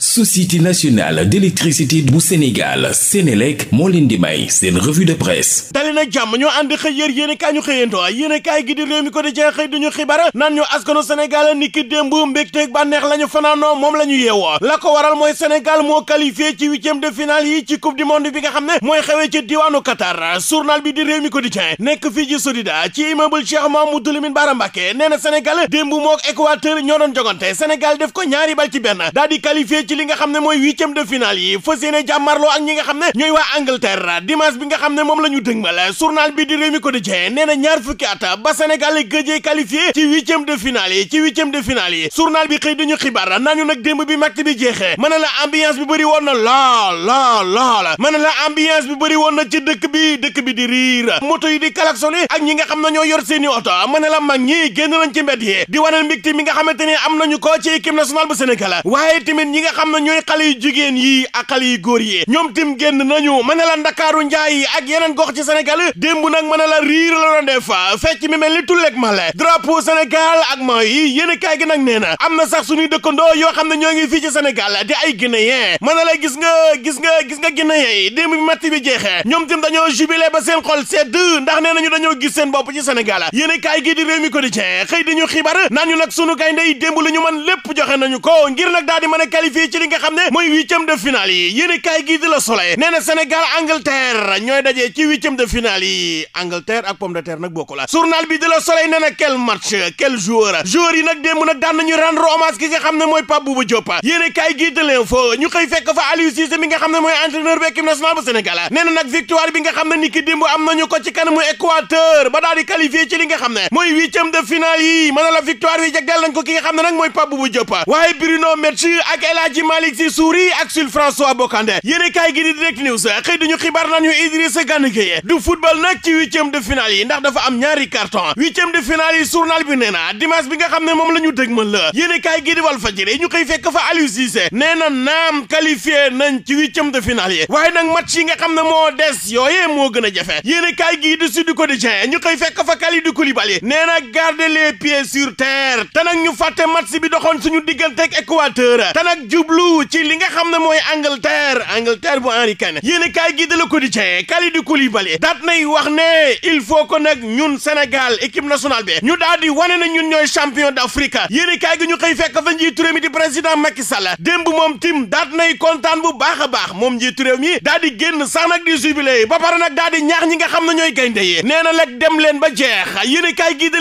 société nationale d'électricité bu Sénégal Sénélec moo leen di may seen revue de presse dali na jàmm ñoo ànd xëy yér yéen i kaay ñu xëyantoo yéen i kaay gi di réew mi ko di jeex xëy duñu xibaar naan ñu askanu Sénégal ni démb mbégteeg bànneex la ñu fanaanoo moom la ñu yeewoo la ko waral mooy Sénégal moo qualifié ci huitième de finale yi ci coupe du monde bi nga xam ne mooy xewee ci diwaanu Qatar journal bi di réew mi ko di jeex nekk fii ci Sodida ci immeuble Cheikh nee na Sénégal démb mook Équateur ñoo doon jogante Sénégal def ko ñaari bal ci ci li nga xam ne mooy huitième de finale yi fas yéene ak ñi nga xam ne ñooy waa Angleterre dimanche bi nga xam ne moom la ñu dëgmal journal bi di Rewmi Quotidien nee na ñaar fukki at ba Sénégal gëjee qualifié ci huitième de finale yi ci huitième de finale yi journal bi xëy dañu xibaar nañu nag démb bi match bi jeexee mën na la ambiance bi bëri woon na la la lool mën na la ambiance bi bëri woon na ci dëkk bi dëkk bi di riir moto yi di klaxonné ak ñi nga xam ne ñoo yor seeni oto mën na la mag ñi génn nañ ci mbedd yi di wanal mbégte mi nga xamante ne am nañu ko ci équipe nationale bu Sénégal waaye ñi nga xam na ñooy xale yu jigéen yi a xale yu góor yi ñoom tim génn nañu ma ne la ndakaaru njaay ak yeneen gox ci Sénégal démb nag ma ne la riir la doon def fecc mi mel ni tulleeg male drapeau Sénégal ak ma yi yéen i gi nag nee na am na sax suñuy dëkkandoo yoo xam ne ñoo ngi fii ci Sénégal di ay guinéen ma ne la gis nga gis nga gis nga ginn yi démb bi matt bi jeexee ñoom tim dañoo jubilé ba seen xol sedd ndax nee nañu dañoo gis seen bopp ci Sénégal yéen i kaay gi di réew mi ko ñu xibaar naan ñu yi démb lu ñu lépp joxe nañu ko ngir nag daal di mën a qualifié ci li nga xam ne mooy huitième de finale yi yéen kaay gii di la Soleil nee na Sénégal ñooy dajee ci huitième de finale yi Angleterre ak pomme de terre nag bokku la journal bi di la Soleil nee na quel match quel joueur joueur yi nag démb nag daan nañu rendre hommage ki nga xam ne mooy Pape Bouba Diop yéen kaay gii di l'info ñu xëy fekk fa Aliou Cissé mi nga xam ne mooy entraîneur bi équipe nationale bu Sénégal nee na nag victoire bi nga xam ne ni ki démb am li nga xam ne mooy huitième de finale yi mën na la ko ci Malick Sy Souris ak Jules François Bocandé yéene kaay gi di direct news xëy ci huitième de finale yi ndax dafa am ñaari carton huitième de finale yi journal bi nee na nga xam ne moom la ñu dëgmal ñu koy fekk fa Aliou Cissé nee na naam qualifié nañ ci huitième de nga xam ne moo des yooyee moo gën a jafe yéene kaay gi di Sud Quotidien ñu koy fekk fa Kalidou Koulibaly nee na garder les pieds sur terre te nag ñu fàtte match bi doxoon suñu diggante ak Équateur te jublu ci li nga xam ne mooy Angleterre Angleterre bu Henri Kane yéen a kaay gi de la Quotidien Kalidou Koulibaly daat nay wax ne il faut que nag ñun Sénégal équipe nationale bi ñu daal wane na ñun ñooy champion d'Afrique yéen a kaay gi ñu xëy fekk fa njiitu réew mi di président Macky moom tim daat nay kontaan bu baax a baax moom njiitu réew mi sax nag di jubilé ba pare nag daal di ñaax ñi nga xam ne ñooy gaynde yi nee na nag dem leen ba jeex yéen a kaay gi de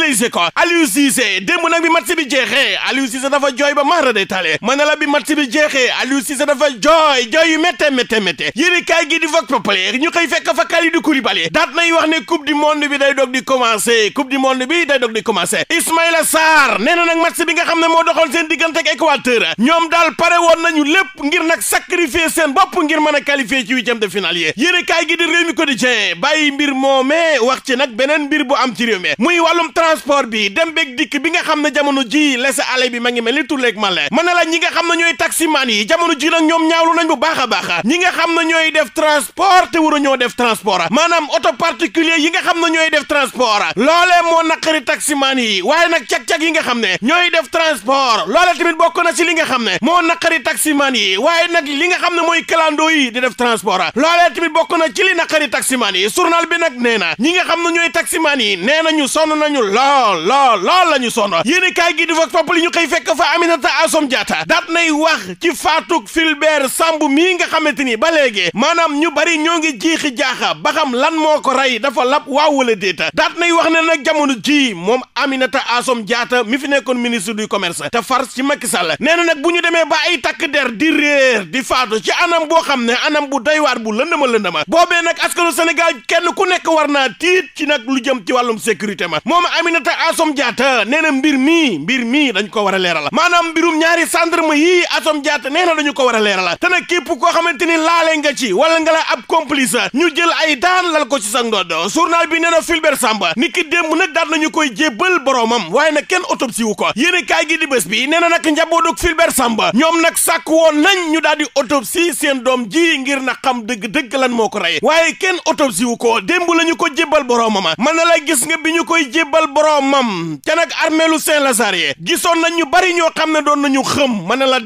Les bi jeexee Aliou Cissé dafa jooy jooy yu métte métte métte yéen kaay gi di Vox Populi ñu koy fekk a fa Kalidou Koulibaly daat nay wax ne coupe du monde bi day dog di commencé coupe du monde bi day dog di commencé Ismaïla Sarr nee na nag match bi nga xam ne moo doxoon seen diggante ak Équateur ñoom daal pare woon nañu lépp ngir nag sacrifier seen bopp ngir mën a qualifier ci huitième de finale yi yéen kaay gi di Rewmi Quotidien bàyyi mbir moomee wax ci nag beneen mbir bu am ci réew mi muy transport bi dem beeg dikk bi nga xam ne jamono ji laisser-aller bi ma ngi mel ni tulleeg male ma ne la ñi nga xam ne ñooy taxi taximan yi jamono ji nag ñoom ñaawlu nañ bu baax a baax ñi nga xam ne ñooy def transport te waru ñoo def transport maanaam auto particulier yi nga xam ne ñooy def transport loolee moo naqari taximan yi waaye nag cag-cag yi nga xam ne ñooy def transport loole tamit bokk na ci li nga xam ne moo naqari taximan yi waaye nag li nga xam ne mooy kalandoo yi def transport loolee bokk na ci li naqari taximan yi journal bi nag nee na ñi nga xam na ñooy taximan yi nee nañu sonn nañu lool lool lool la ñu sonn yéen kaay gi di vox populi ñu xëy fekk fa Aminata Assome Diatta daat nay wax ci faatug Fulbert Sambou mii nga xamante ni ba léegi maanaam ñu bari ñoo ngi jiixi jaaxa ba xam lan moo ko rey dafa lab waaw wala déeta daat nay wax ne nag jamono ji moom Aminata Assome jaata mi fi nekkoon ministre du commerce te far ci Macky Sall nee na nag bu ñu demee ba ay takk der di réer di faatu ci anam boo xam ne anam bu day waar bu lëndama lëndama boobee nag askanu Sénégal kenn ku nekk war naa tiit ci nag lu jëm ci wàllum sécurité ma moom Aminata Assome Diatta nee na mbir mii mbir mii dañ ko war a leeral maanaam mbirum ñaari gendarme yi Assome Diatta nee na dañu ko war a leeral te nag képp koo xamante ni laale nga ci wala nga la ab complice ñu jël ay daan lal ko ci sa ndodd journal bi nee na Fulbert Sambou ni ki démb nag daan nañu koy jébbal boromam waaye na kenn autopsie wu ko yéen kaay gi di bés bi nee na nag njabootug Fulbert Sambou ñoom nag sàkk woon nañ ñu daal di autopsie seen doom ji ngir na xam dëgg-dëgg lan moo ko rey waaye kenn autopsie wu ko démb la ñu ko jébbal boromam mën na la gis nga bi ñu koy jébbal boromam te nag armeelu Saint-Lazare gisoon nañ ñu bari ñoo xam ne doon nañu xëm mën na la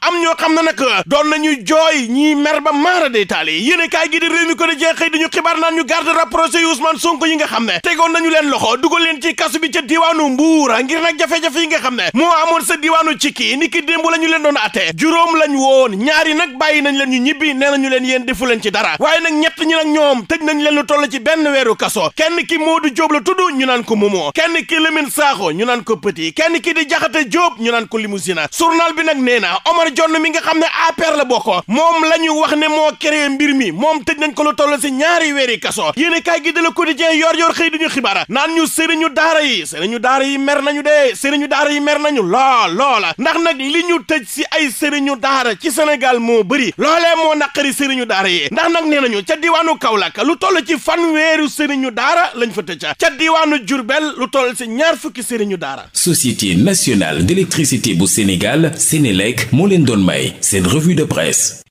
am ñoo xam ne nag doon nañu jooy ñii mer ba maara day taali yéen kaay gi di réew ko di jeexee di ñu xibaar naan ñu garde rapproché yu man Sonko yi nga xam ne tegoon nañu leen loxo dugal leen ci kasu bi ca diwaanu Mbuur ngir nag jafe-jafe yi nga xam ne moo amoon sa diwaanu Cikki ni ki démb la ñu leen doon attee juróom lañ woon ñaari nag bàyyi nañ leen ñu ñibbi nee ñu leen yéen defu leen ci dara waaye nag ñett ñi nag ñoom tëj nañ leen lu toll ci benn weeru kaso kenn ki Modou Diop la tudd ñu naan ko Momo kenn ki Lamine Sakho ñu naan ko Petit kenn ki di Jaxate Diop ñu naan ko Limousine journal bi nag nee na Omar Jonn mi nga xam ne APR la bokkoo moom la ñuy wax ne moo créé mbir mi moom tëj nañ ko lu toll si ñaari weeri kaso yéen i kaay gi de la quotidien yor yor xëy ñu xibaar naan ñu sëriñu daara yi sëriñu daara yi mer nañu de sëriñu daara yi mer nañu lool loola ndax nag li ñu tëj si ay sëriñu daara ci senegal moo bëri loolee moo naqari sëriñu daara yi ndax nag nee nañu ca diwaanu Kaolack lu toll ci fan fanweeru sëriñu daara lañ fa tëj ca diwaanu Diourbel lu toll si ñaar fukki sëriñu daara société nationale d'électricité bu Sénégal Sénélec moo leen doon may seen de presse